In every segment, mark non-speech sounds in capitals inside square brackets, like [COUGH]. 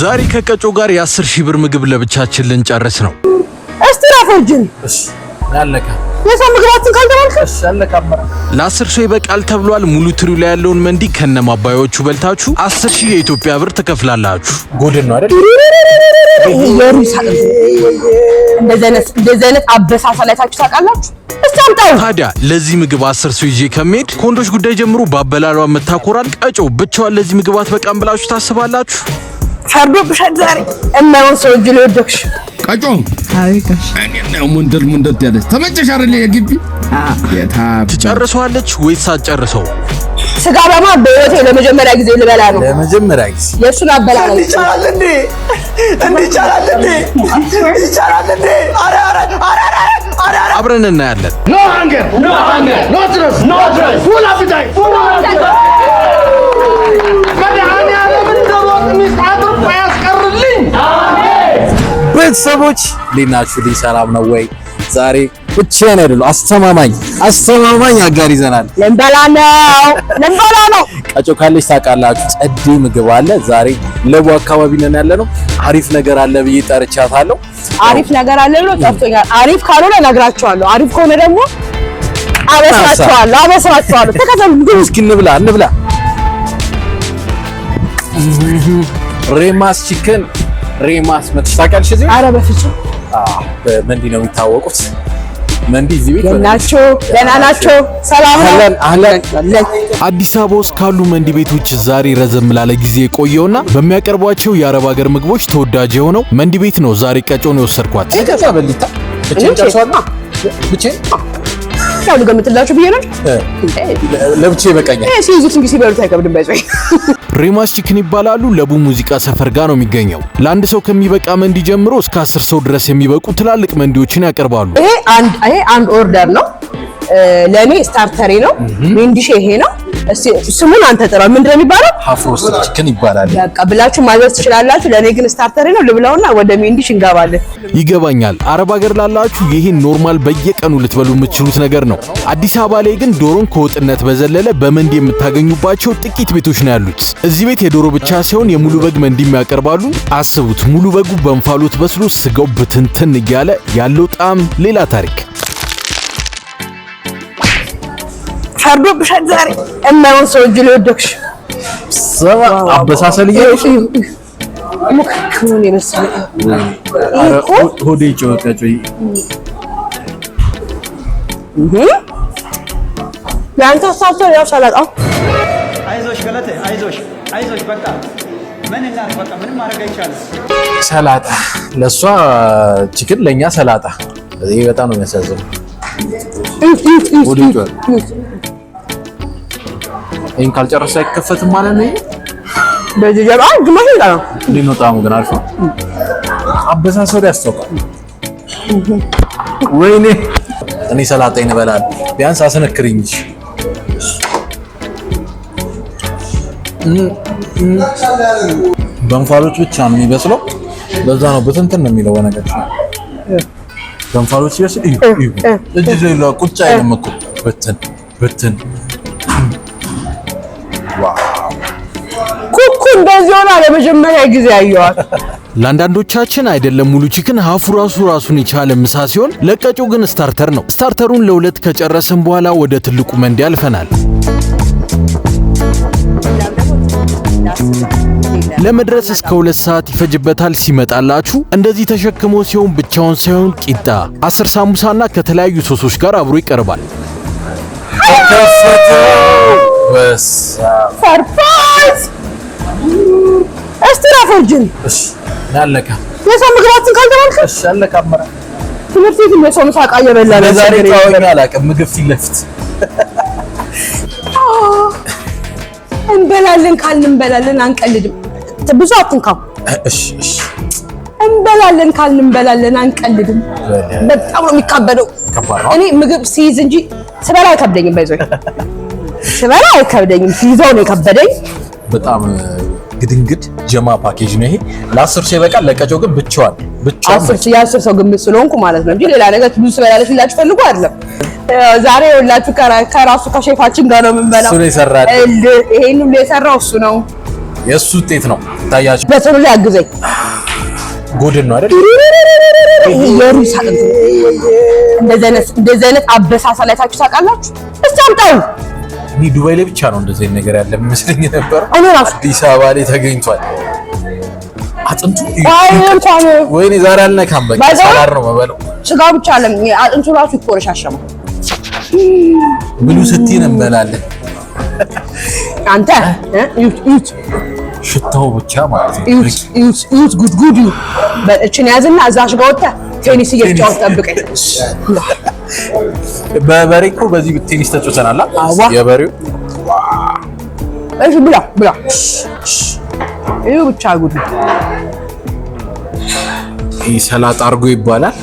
ዛሬ ከቀጮ ጋር የአስር ሺህ ብር ምግብ ለብቻችን ልንጨርስ ነው። እስቲ የሰው ራፎጅን ለአስር ሰው ይበቃል ተብሏል። ሙሉ ትሪ ላይ ያለውን መንዲ ከነ ማባያዎቹ በልታችሁ አስር ሺህ የኢትዮጵያ ብር ትከፍላላችሁ። ጎድን ነው አይደል? እንደዚህ አይነት አበሳሳ ላይ ታችሁ ታውቃላችሁ። ታዲያ ለዚህ ምግብ አስር ሰው ይዤ ከመሄድ ከወንዶች ጉዳይ ጀምሮ በአበላሏ የምታኮራል ቀጮ ብቻዋን ለዚህ ምግብ አትበቃም ብላችሁ ታስባላችሁ? ፈርዶብሻል። ዛሬ እማይሆን ሰው እጅ ላይ ወደቅሽ። ቀጮ ሙንድል ሙንድል ያለች ተመጨሽ አይደል? የግቢ ትጨርሰዋለች ወይስ ሳትጨርሰው? ስጋ በማ በህይወቴ ለመጀመሪያ ጊዜ ልበላ ነው። ለመጀመሪያ ጊዜ የእሱን አበላ ነው። ይቻላል እንዴ? እንዴ እንዴ? ይቻላል እንዴ? አረ አረ አረ አረ አብረን እናያለን። ኖ ሃንገር ኖ ሃንገር ኖ ትረስ ኖ ትረስ ፉል አፒታይት ፉል አፒታይት ቤተሰቦች ሊናችሁ ልኝ ሰላም ነው ወይ? ዛሬ ብቻዬን አይደለሁ፣ አስተማማኝ አስተማማኝ አጋር ይዘናል። ልንበላ ነው ልንበላ ነው። ቀጮ ካለች ታውቃላችሁ፣ ጨዴ ምግብ አለ። ዛሬ ለቡ አካባቢ ነን ያለ ነው። አሪፍ ነገር አለ ብዬ ጠርቻታለሁ። አሪፍ ነገር አለ ብሎ ጠርቶኛል። አሪፍ ካልሆነ እነግራችኋለሁ፣ አሪፍ ከሆነ ደግሞ አበስራችኋለሁ፣ አበስራችኋለሁ። ተከተሉ ግን እስኪ እንብላ እንብላ። ሬማስ ቺክን ሬማስ መጥተሽ ታውቂያለሽ? እዚህ ኧረ በፍፁም በመንዲ ነው የሚታወቁት። መንዲ እዚህ ቤት ናቸው። ደህና ናቸው። ሰላም አለን አለን። አዲስ አበባ ውስጥ ካሉ መንዲ ቤቶች ዛሬ ረዘም ላለ ጊዜ የቆየውና በሚያቀርቧቸው የአረብ ሀገር ምግቦች ተወዳጅ የሆነው መንዲ ቤት ነው። ዛሬ ቀጮን የወሰድኳት አዲስ አበባ ገምትላችሁ ብዬ ነው ለብቻ ይበቃኛል። እሺ ይዙት ሲበሉት አይከብድም። ባይዘይ ሪማስ ቺክን ይባላሉ። ለቡ ሙዚቃ ሰፈር ጋር ነው የሚገኘው። ለአንድ ሰው ከሚበቃ መንዲ ጀምሮ እስከ አስር ሰው ድረስ የሚበቁ ትላልቅ መንዲዎችን ያቀርባሉ። ይሄ አንድ ይሄ አንድ ኦርደር ነው። ለእኔ ስታርተሬ ነው። ሚንዲሽ ይሄ ነው። ስሙን አንተ ጥራው። ምንድን ነው የሚባለው? አፍሮስት ቺክን ይባላል። በቃ ብላችሁ ማዘዝ ትችላላችሁ። ለእኔ ግን ስታርተሬ ነው። ልብላውና ወደ ሚንዲሽ እንገባለን። ይገባኛል። አረብ ሀገር ላላችሁ ይህን ኖርማል በየቀኑ ልትበሉ የምትችሉት ነገር ነው። አዲስ አበባ ላይ ግን ዶሮን ከወጥነት በዘለለ በመንዲ የምታገኙባቸው ጥቂት ቤቶች ነው ያሉት። እዚህ ቤት የዶሮ ብቻ ሳይሆን የሙሉ በግ መንዲም ያቀርባሉ። አስቡት፣ ሙሉ በጉ በእንፋሎት በስሎ ስጋው ብትንትን እያለ ያለው ጣዕም ሌላ ታሪክ ፈርዶብሻል። ዛሬ እማይሆን ሰው እጅ ላይ ወደቅሽ። አበሳሰል ሙክክሙን የመሰለ ያው ሰላጣው አይዞሽ፣ ገለቴ አይዞሽ፣ አይዞሽ በቃ ሰላጣ ለእሷ ችክን ለእኛ ሰላጣ። ይህ በጣም ነው የሚያሳዝነው። ይሄን ካልጨረሰ አይከፈትም ማለት ነው። በዚህ ጀባ ግማሽ ይላል እንዴ ነው ጣሙ ግን አሪፍ ነው። አበሳሰሉ ያስታውቃል። ወይኔ እኔ ሰላጣ ይነበላል ቢያንስ አስነክሪኝ በእንፋሎች ብቻ ነው የሚበስለው በዛ ነው። በትንትን ነው የሚለው ነገር በእንፋሎች ይበስል እጅ ቁጫ አይደለም እኮ ብትን ብትን ኩትኩ እንደዚህ ሆና ለመጀመሪያ ጊዜ ያየዋል። ለአንዳንዶቻችን አይደለም ሙሉ ቺክን ሀፉ ራሱ ራሱን የቻለ ምሳ ሲሆን ለቀጮ ግን ስታርተር ነው። ስታርተሩን ለሁለት ከጨረስን በኋላ ወደ ትልቁ መንድ ያልፈናል። ለመድረስ እስከ ሁለት ሰዓት ይፈጅበታል። ሲመጣላችሁ እንደዚህ ተሸክሞ ሲሆን ብቻውን ሳይሆን ቂጣ፣ አስር ሳሙሳና ከተለያዩ ሶሶች ጋር አብሮ ይቀርባል። ሰርፕራይዝ እስቲ ራፎርጅን እሺ ያለካ የሰው ምግባትን ካልተባልክ እሺ ያለካ አመራ ትምህርት ቤት የሰው ምሳቃ እየበላ ነው። ዛሬ ታወኛ አላውቅም። ምግብ ፊት ለፊት እንበላለን ካልን እንበላለን፣ አንቀልድም። ብዙ አትንካም። እሺ እሺ እንበላለን ካልን እንበላለን፣ አንቀልድም። በጣም ነው የሚካበደው። እኔ ምግብ ሲይዝ እንጂ ስበላ አይከብደኝም። ባይዞኝ ስበላ አይከብደኝም። ሲይዘው ነው የከበደኝ። በጣም ግድንግድ ጀማ ፓኬጅ ነው ይሄ። ለአስር ሰው ይበቃል። ለቀጮ ግን ብቻዋን ብቻዋን የአስር ሰው ግምት ስለሆንኩ ማለት ነው እንጂ ሌላ ነገር ብዙ ትበላለች ብላችሁ ፈልጉ አይደለም። ዛሬ ሁላችሁ ከራሱ ከሼፋችን ጋር ነው የምንበላው። እሱ ነው የሰራው። ይሄን ሁሉ የሰራው እሱ ነው። የእሱ ውጤት ነው። ታያችሁ። በሰሉ ላይ አግዘኝ። ጎድን ነው አይደል? ይሄ የሩዝ አጥንት እንደዚህ አይነት አበሳሳ ላይ ታችሁ ታውቃላችሁ። እስኪ አምጣው እኔ ዱባይ ላይ ብቻ ነው እንደዚህ ነገር ያለ መስለኝ ነበር። አዲስ አበባ ላይ ተገኝቷል። አጥንቱ ወይኔ ዛሬ አልነካም። በቃ ሰላር ነው መበለው ስጋው ብቻ አለም አጥንቱ ራሱ ይቆረሻሸማ ብሉ ስትይ ነው እንበላለን። አንተ ሽታው ብቻ ማለት ነው። እዩት ጉድጉድ በእችን ያዝና እዛሽ ጋር ወጣ ቴኒስ እየተጫወት ጠብቀኝ። [LAUGHS] በበሬ እኮ በዚህ ቴኒስ ተጫውተናል። የበሬው እሺ፣ ብላ ብላ። ይሄ ብቻ ጉድ። ይህ ሰላጣ አርጎ ይባላል፣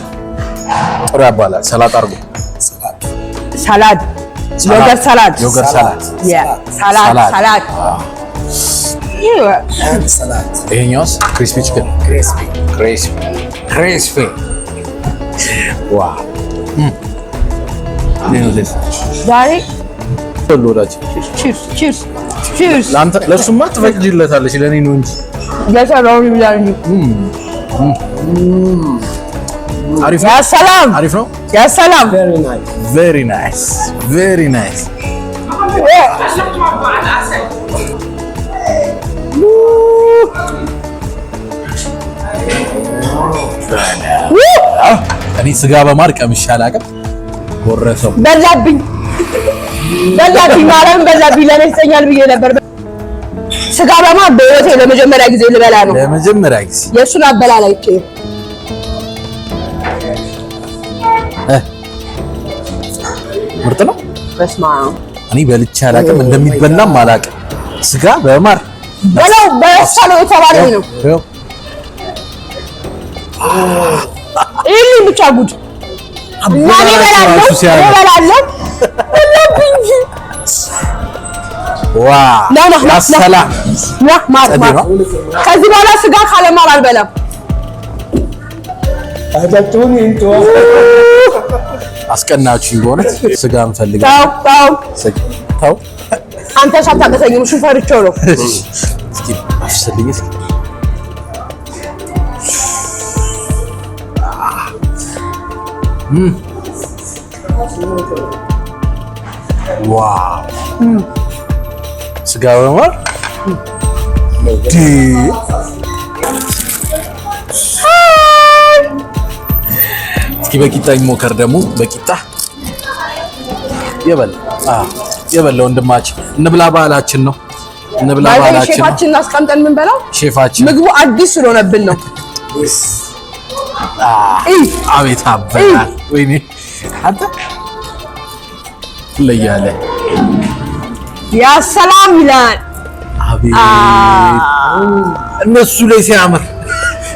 ጥሩ ይባላል። ሰላጣ አርጎ ሰላድ፣ ዮገር ሰላድ፣ ዮገር ሰላድ፣ ሰላድ፣ ሰላድ ይሄኛውስ ክሪስፒ ክሪስፒ ክሪስፒ ክሪስፒ Wow. Mm. ሌኑ ሌስ ዛሬ ወዳችን ቺርስ ትፈቅጂለታለች ለኔ ነው እንጂ የሰራውን ይብላል እንጂ። አሪፍ ነው። ያሰላም አሪፍ ነው። ያሰላም ቬሪ ናይስ ቬሪ ናይስ። እኔ ስጋ በማር ቀምሼ አላውቅም። ጎረሰው በዛብኝ በዛብኝ ማርያም በዛብኝ ለእኔ ብዬ ነበር። ስጋ በማር በህይወቴ ለመጀመሪያ ጊዜ ልበላ ነው። ለመጀመሪያ ጊዜ የእሱን አበላል አይቼ ምርጥ ነው። እኔ በልቼ አላውቅም፣ እንደሚበላም አላውቅም። ስጋ በማር በለው በሰለው የተባለኝ ነው ይሄን ብቻ ጉድ ከዚህ በኋላ ስጋ ካለ ማር አልበላም። አስቀናችሁኝ በእውነት ስጋ እንፈልጋለን። አንተ ሳታቀሰኝም ሽፈርቸው ነው። ዋው ስጋ በማር እስኪ በቂጣ ይሞከር ደግሞ በቂጣ የበል የበለ ወንድማችን እንብላ። ባህላችን ነው እንብላ። ባህላችን ሼፋችን አስቀምጠን የምንበላው ሼፋችን ምግቡ አዲስ ስለሆነብን ነው። አቤት አበላል። ወይኔ አንተ ትለያለህ። ያ ሰላም ይላል። አቤት እነሱ ላይ ሲያምር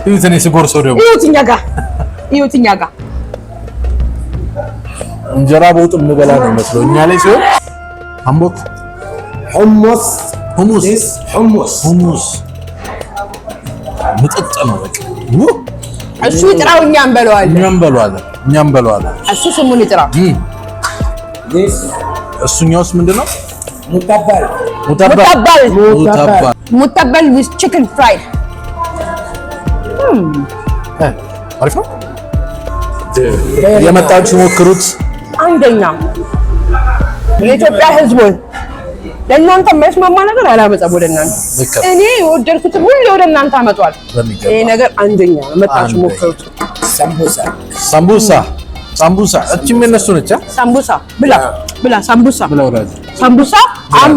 እዩት። እኔ ስጎርሰው ደግሞ እዩት፣ እኛ ጋር እዩት፣ እኛ ጋር እንጀራ በውጥ የምበላ ነው መስለው እኛ ላይ ሲሆን አምቦት ሁሙስ ሁሙስ ሁሙስ ምጥጥ ነው በቃ እሱ ይጥራው፣ እኛ እንበለዋለን፣ እኛ እንበለዋለን፣ እኛ እንበለዋለን። እሱ ስሙን ይጥራው። እሱኛውስ ምንድን ነው? ሙተበል ሙተበል ሙተበል ዊዝ ቺክን ፍራይ አሪፍ ነው። የመጣችሁ ሞክሩት። አንደኛ የኢትዮጵያ ህዝቦች ለእናንተ የማይስማማ ነገር አላመጣም ወደ እናንተ። እኔ የወደድኩትን ሁሌ ወደ እናንተ አመጧል። ይሄ ነገር አንደኛ መጣችሁ ሞክሩት። ሳምቡሳ ሳምቡሳ ሳምቡሳ እቺም የነሱ ነች። ሳምቡሳ ብላ ብላ ሳምቡሳ ብላ ወራጅ ሳምቡሳ አም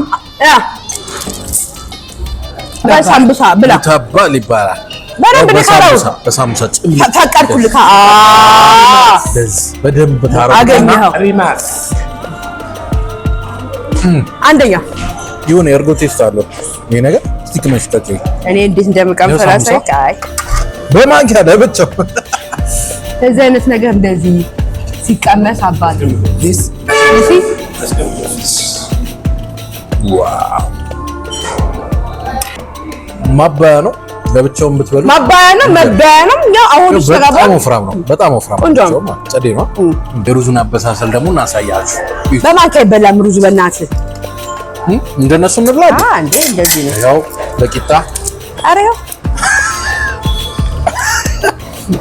ያ ሳምቡሳ ብላ ተባል ይባላል። በደንብ ልካረው በሳምቡሳ ጭም ታቃድኩልካ በደንብ ታረው አገኘኸው አንደኛ ይሁን የእርጎ ቴስት አለው ይሄ ነገር። ስቲክ መስጠት እኔ እንዴት እንደምቀም ፈራሳይ አይ በማንኪያ ለብቻው እዚህ አይነት ነገር እንደዚህ ሲቀመስ አባል ማባያ ነው። ለብቻውን ብትበሉ ማባያ ነው መባያ ነው። ያው አሁን ይስተጋባ በጣም ወፍራም ነው። በጣም ወፍራም ነው። ጸዴ ነው። የሩዙን አበሳሰል ደግሞ እናሳያችሁ። በማንካ ይበላም ሩዙ በእናት እንደነሱ እንብላ። አዎ እንዴ እንደዚህ ነው። ያው በቂጣ ኧረ ያው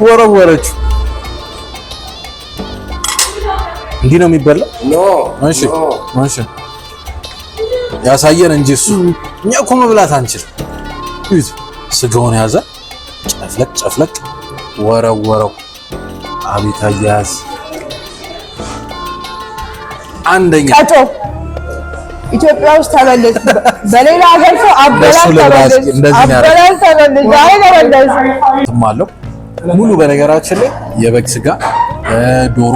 ወረወረች። እንዲህ ነው የሚበላ። እሺ እሺ፣ ያሳየን እንጂ እሱ እኛ እኮ መብላት አንችልም። ስጋውን ያዘ። ጨፍለቅ ጨፍለቅ ወረወረው። አቤት አያያዝ! አንደኛ ቀጦ ኢትዮጵያ ውስጥ ተበለጸ። በሌላ ሀገር ሰው አበላል ተበለጸ፣ አበላል ተበለጸ። አይ ተበለጸ ሙሉ በነገራችን ላይ የበግ ስጋ ዶሮ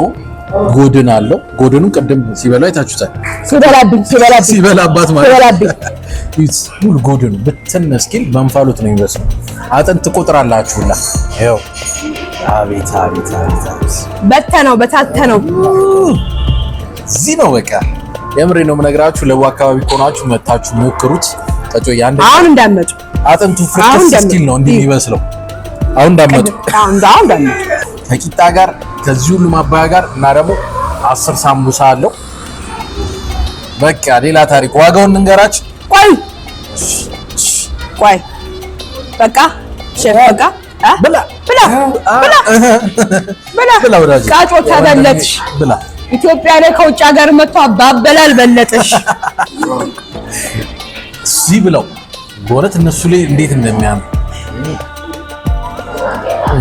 ጎድን አለው። ጎድኑ ቅድም ሲበላ አይታችሁታል። ሲበላብኝ ሲበላብኝ ሲበላባት ማለት ሙሉ ጎድኑ ብትን እስኪል በእንፋሎት ነው የሚመስለው። አጥንት ትቆጥራላችሁላ። ይኸው አቤት አቤት አቤት አቤት፣ በተነው በታተነው እዚህ ነው በቃ። የምሬ ነው የምነግራችሁ። ለቡ አካባቢ ከሆናችሁ መታችሁ ሞክሩት። ጠጮ ያንድ አሁን እንዳመጡ አጥንቱ ፍርክስ እስኪል ነው እንዲህ የሚመስለው። አሁን እንዳመጡ አሁን እንዳመጡ ከቂጣ ጋር ከዚህ ሁሉ ማባያ ጋር እና ደግሞ አስር ሳምቡሳ አለው። በቃ ሌላ ታሪክ። ዋጋውን እንንገራች። ቆይ ቆይ በቃ ሼፍ በቃ ብላ ብላ ብላ ብላ ቃጮ ተበለጥሽ። ብላ ኢትዮጵያ ላይ ከውጭ ሀገር መጥቶ አባበላል በለጥሽ ሲ ብለው በእውነት እነሱ ላይ እንዴት እንደሚያምር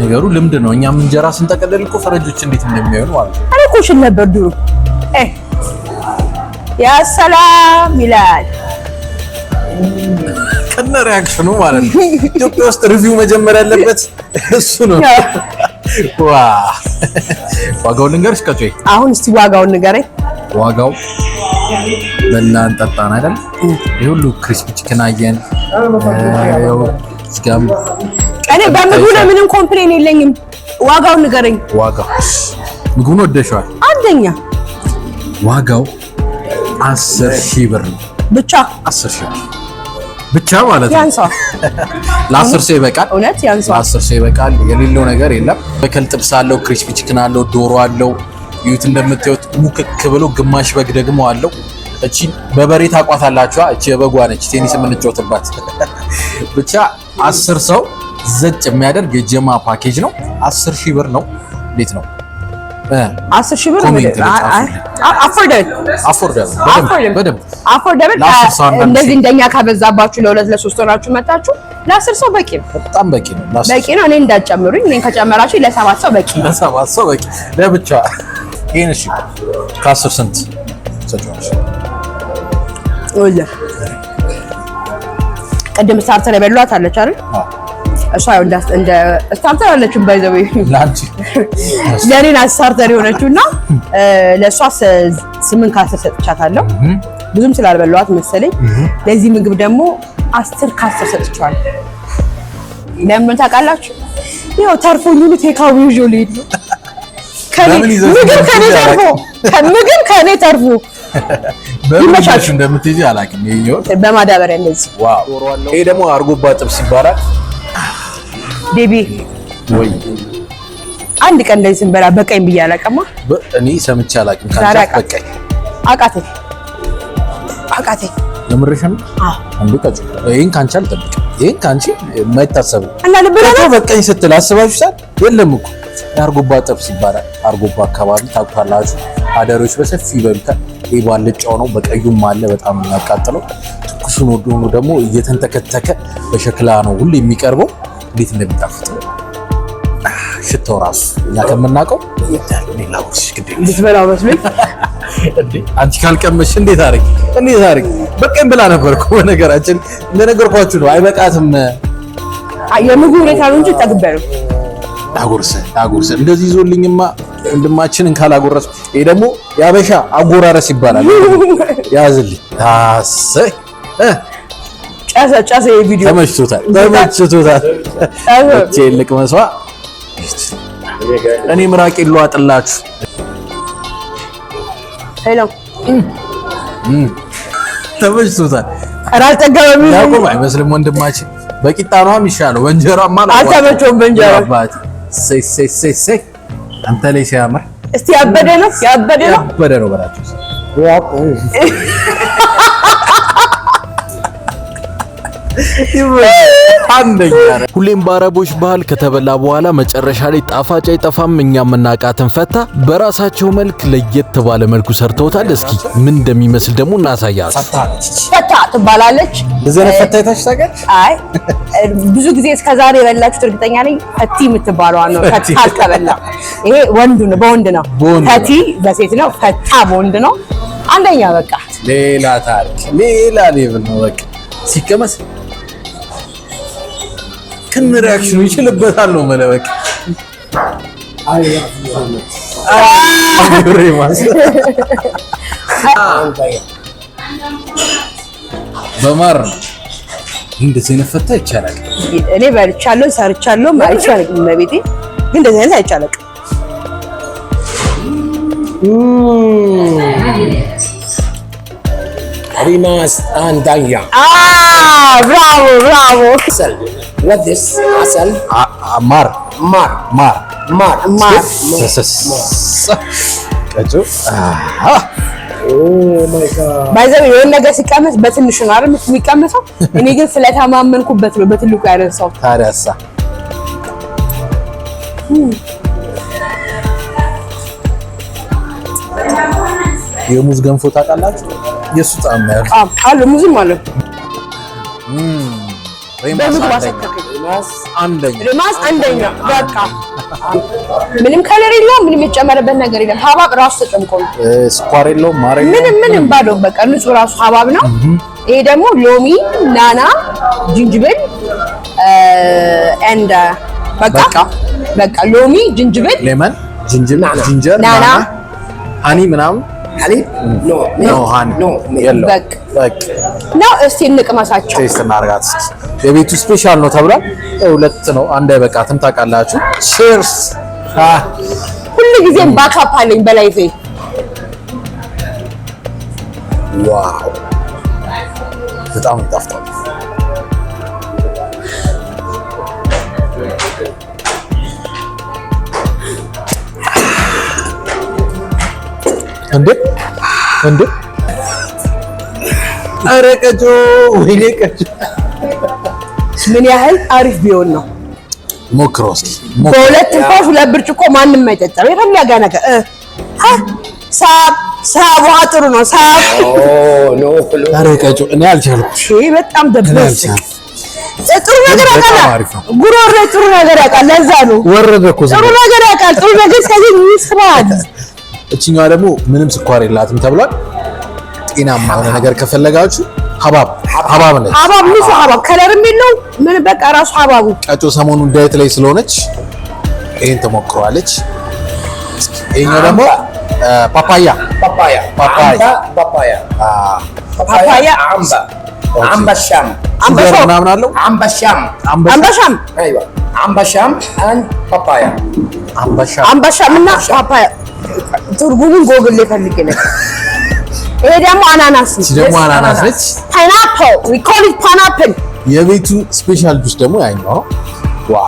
ነገሩ ልምድ ነው። እኛም እንጀራ ስንጠቀለል እኮ ፈረጆች እንዴት እንደሚያዩ ማለት ነው። አረ ኮሽን ነበር ድሮ። ያ ሰላም ይላል ከነ ሪያክሽኑ ማለት ነው። ኢትዮጵያ ውስጥ ሪቪው መጀመር ያለበት እሱ ነው። ዋ ዋጋውን ልንገርሽ ከቶ አሁን እስቲ ዋጋውን ንገረኝ። ዋጋው በላን ጠጣን አይደል? ይሄ ሁሉ ክሪስፒ ቺክን አየን። ያው ስጋም እኔ በምግቡ ላይ ምንም ኮምፕሌን የለኝም። ዋጋውን ንገረኝ። ዋጋው ምግቡን ወደሽዋል? አንደኛ ዋጋው አስር ሺህ ብር ነው ብቻ። አስር ሺህ ብቻ ማለት ነው። ያንሳው [LAUGHS] ለአስር ሰው ይበቃል። እውነት ያንሳው ለአስር ሰው ይበቃል። የሌለው ነገር የለም። በከል ጥብስ አለው፣ ክሪስፒ ቺክን አለው፣ ዶሮ አለው። ይሁት እንደምታዩት ሙክክ ብሎ ግማሽ በግ ደግሞ አለው። እቺ በበሬ ታቋታላችሁ። እቺ የበጓ ነች፣ ቴኒስ የምንጫወትባት [LAUGHS] ብቻ አስር ሰው ዘጭ የሚያደርግ የጀማ ፓኬጅ ነው። 10 ሺህ ብር ነው። እንዴት ነው? አስር ሺህ ብር አፎርደብል አፎርደብል አፎርደብል። እንደዚህ እንደኛ ካበዛባችሁ ለሁለት ለሶስት ሆናችሁ መጣችሁ ለአስር ሰው በቂ ነው። በጣም በቂ ነው፣ ለአስር በቂ ነው። እኔ እንዳትጨምሩኝ፣ እኔን ከጨመራችሁ ለሰባት ሰው በቂ ነው። ለሰባት ሰው በቂ ለብቻ ይሄን። እሺ ከአስር ስንት ሰጫዎች? ቅድም ስታርተር የበሏት አለች አይደል? እሷ እንዳስ እንደ ስታርተር አለችው ባይዘው ላንቺ ለኔና ስታርተር የሆነችውና ለእሷ ስምንት ከአስር ሰጥቻታለሁ። ብዙም ስላልበለዋት መሰለኝ። ለዚህ ምግብ ደግሞ አስር ከአስር ሰጥቻለሁ። ለምን ታውቃላችሁ? ያው ተርፎኝ ሁሉ ቴካዊ ይዤው ልሄድ ነው። ምግብ ከእኔ ተርፎ ምግብ ከኔ [LAUGHS] ይመቻችሁ። እንደምትይዚ አላውቅም። በማዳበሪያ እንደዚህ ይሄ ደግሞ አርጎባ ጥብስ ይባላል። ቤቢ ወይ አንድ ቀን እንደዚህ ስንበላ በቀኝ ብዬ አላውቅማ። እኔ ሰምቼ አላውቅም። ካንሳት በቀኝ አቃተኝ አቃተኝ። የምርሽን አንዱ ቀጭ ይሄን ካንቺ አልጠብቅም። ይሄን ካንቺ የማይታሰብ እና ልብላ በቀኝ ስትል አስባችሁታል? የለም እኮ የአርጎባ ጥብስ ይባላል። አርጎባ አካባቢ ታውቁታላችሁ። አዳሪዎች በሰፊ ይበሉታል። ይሄ ባልጫው ነው፣ በቀዩም አለ። በጣም የሚያቃጥለው ትኩሱን ደግሞ እየተንተከተከ በሸክላ ነው ሁሉ የሚቀርበው እንዴት እንደሚጣፍጥ ሽቶ ራሱ እኛ ከምናውቀው ልትበላው አንቺ ካልቀመሽ እንዴት አድርጊ እንዴት አድርጊ በቀን ብላ ነበር። በነገራችን እንደነገርኳችሁ ነው፣ አይበቃትም። የምግቡ ሁኔታ ነው እንጂ ጠግበሉ አጎርሰ አጎርሰ እንደዚህ ይዞልኝማ ወንድማችንን ካላጎረስ፣ ይሄ ደግሞ የአበሻ አጎራረስ ይባላል። ያዝልኝ ታሰ ጨሰ ጨሰ የቪዲዮ ተመችቶታል ተመችቶታል። ልቅ መስዋ እኔ ምራቅ ይሉ ሄሎ ተመችቶታል። አራል ተጋባሚ አይመስልም ወንድማችን። በቂጣ ነው የሚሻለው። አልተመቸውም። በእንጀራ አንተ ላይ ሲያምር እስቲ ያበደ ነው ያበደ ነው ያበደ ነው ሁሌም በአረቦች ባህል ከተበላ በኋላ መጨረሻ ላይ ጣፋጭ አይጠፋም። እኛ የምናቃትን ፈታ በራሳቸው መልክ ለየት ባለ መልኩ ሰርተውታል። እስኪ ምን እንደሚመስል ደግሞ እናሳያችሁ። ፈታ ትባላለች። ብዙ ጊዜ እስከዛሬ የበላችሁት እርግጠኛ ነኝ ፈቲ የምትባለዋ ነው። ፈታ ተበላ። ይሄ ወንዱ ነው፣ በወንድ ነው። ፈቲ በሴት ነው፣ ፈታ በወንድ ነው። አንደኛ በቃ ሌላ ታሪክ፣ ሌላ ሌብል ነው በቃ ሲቀመስ እስከነ ሪያክሽኑ ይችልበታል ነው መለበቅ በማር ነው። እንደዚህ አይነት ፈታ ይቻላል። እኔ በልቻለሁ፣ ሰርቻለሁ ማለት ነው። እመቤቴ ግን እንደዚህ አይነት አይቻልም። ሪማስ አንዳያ ብራቮ ብራቮ What this? Asal? ማር ማር mar. Mar. Mar. Mar. Mar. ባይዘው oh የሆነ ነገር ሲቀመስ በትንሹ ነው አይደል የሚቀመሰው። [LAUGHS] እኔ ግን ስለተማመንኩበት ነው በትልቁ ያነሳው። ታዲያሳ የሙዝ ገንፎ ታውቃላችሁ? የእሱ ጣዕም ያለው። አዎ አለ ሙዝም አለ በምግብ ሪማስ አንደኛ በቃ ምንም ከለር የለውም፣ ምንም የጨመረበት ነገር የለም። ሀባብ ራሱ ተጨምቆ ነው፣ ስኳር የለውም፣ ማር ምንም ምንም ባዶ በቃ ንጹህ ራሱ ሀባብ ነው። ይሄ ደግሞ ሎሚ፣ ናና፣ ጅንጅብል ኤንድ በቃ በቃ ሎሚ፣ ጅንጅብል፣ ሌመን፣ ጅንጅብል፣ ናና፣ ሃኒ ምናምን ሃኒ ኖ ኖ ሃኒ በቃ ነው። እስቲ እንቅመሳቸው። ቴስት እናርጋት እስኪ። የቤቱ ስፔሻል ነው ተብሏል። ሁለት ነው፣ አንድ አይበቃትም። ታውቃላችሁ። ቼርስ። ሁሉ ጊዜም ባካፕ mm. አለኝ በላይፌ። ዋው በጣም ይጣፍጣል። እንዴ እንዴ ኧረ ቀጮ ወይኔ ቀጮ ምን ያህል አሪፍ ቢሆን ነው። ሞክሮ እስኪ በሁለት እንኳን ሁለት ብርጭቆ ማንም አይጠጣም። የፈለገ ነገር ሳብ ሳብ ውሃ ጥሩ ነው። ሳብ ኧረ ቀጮ እኔ አልቻልኩሽ። በጣም ደበስክ። ጥሩ ነገር ያውቃል ጉሮሬ፣ ጥሩ ነገር ያውቃል። ለዛ ነው ወረደ እኮ ጥሩ ነገር ያውቃል። ጥሩ ነገር እስከዚህ ይስራል። እችኛዋ ደግሞ ምንም ስኳር የላትም ተብሏል። ጤናማ የሆነ ነገር ከፈለጋችሁ ሀባብ ሀባብ ሀባብ ንጹህ ሀባብ ከለርም የለውም ምን በቃ ራሱ ሀባቡ። ጫጩ ሰሞኑን ዳይት ላይ ስለሆነች ይሄን ተሞክሯለች። ይሄኛው ደግሞ ፓፓያ ፓፓያ ፓፓያ ፓፓያ ፓፓያ ምናምን አለው አምባሻም አምባሻም አምባሻም እና ፓፓያ ትርጉሙን ጎግል ላይ ፈልጌ [LAUGHS] ይሄ ደግሞ አናናስ ነች። ደግሞ አናናስ ነች። ፓይናፕል ዊ ኮል ኢት ፓይናፕል። የቤቱ ስፔሻል ጁስ ደግሞ ያኛው ዋ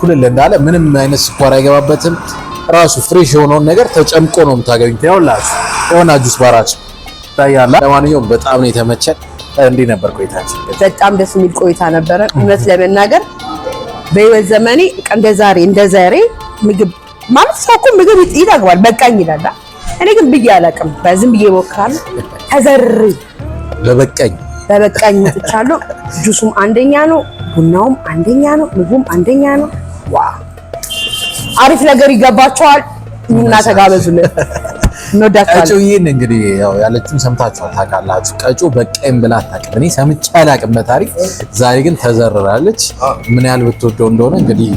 ኩልል እንዳለ ምንም አይነት ስኳር አይገባበትም። ራሱ ፍሬሽ የሆነውን ነገር ተጨምቆ ነው የምታገኙት። ያውላችሁ የሆነ ጁስ ባራችሁ ታያላ። ለማንኛውም በጣም ነው የተመቸን። እንዴት ነበር ቆይታችን? በጣም ደስ የሚል ቆይታ ነበረ። እውነት ለመናገር በህይወት ዘመኔ እንደዛሬ እንደዛሬ ምግብ ማለት ሰው እኮ ምግብ ይጠግባል በቃኝ ይላል። እኔ ግን ብዬ አላውቅም። በዝም ብዬ እሞክራለሁ። ተዘሪ በበቀኝ በበቀኝ መጥቻለሁ። ጁሱም አንደኛ ነው፣ ቡናውም አንደኛ ነው፣ ምግቡም አንደኛ ነው። ዋ አሪፍ ነገር ይገባቸዋል። ኑና ተጋበዙልን። እንወዳቸዋለን። ቀጩዬን እንግዲህ ያው ያለችውን ሰምታችኋል፣ ታውቃላችሁ። ቀጩ በቀኝ ብላ አታውቅም። እኔ ሰምቼ አላውቅም በታሪክ ዛሬ ግን ተዘርራለች። ምን ያህል ብትወደው እንደሆነ እንግዲህ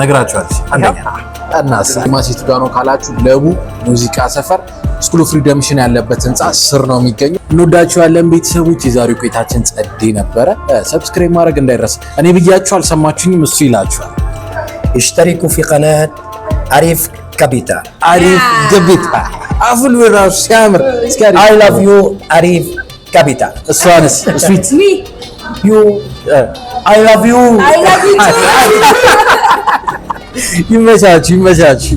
ነግራችኋለች። አንደኛ ጠናስ ማሲቱ ጋር ነው ካላችሁ ለቡ ሙዚቃ ሰፈር ስኩል ኦፍ ሪደምሽን ያለበት ህንፃ ስር ነው የሚገኘው። እንወዳችኋለን ቤተሰቦች። የዛሬው ቆይታችን ጸዴ ነበረ። ሰብስክራይብ ማድረግ እንዳይረሳ። እኔ ብያችሁ አልሰማችሁኝም፣ እሱ ይላችኋል። ይሽተሪኩ ፊ ቀናት አሪፍ ከቢታ አሪፍ ገቢታ አፉል ራሱ ሲያምር አይ ላቭ ዩ አሪፍ ከቢታ እሷንስ ስዊት ዩ አይ ላቭ ዩ አይ ላቭ ዩ [LAUGHS] 你 [LAUGHS] 不下去，进不下去。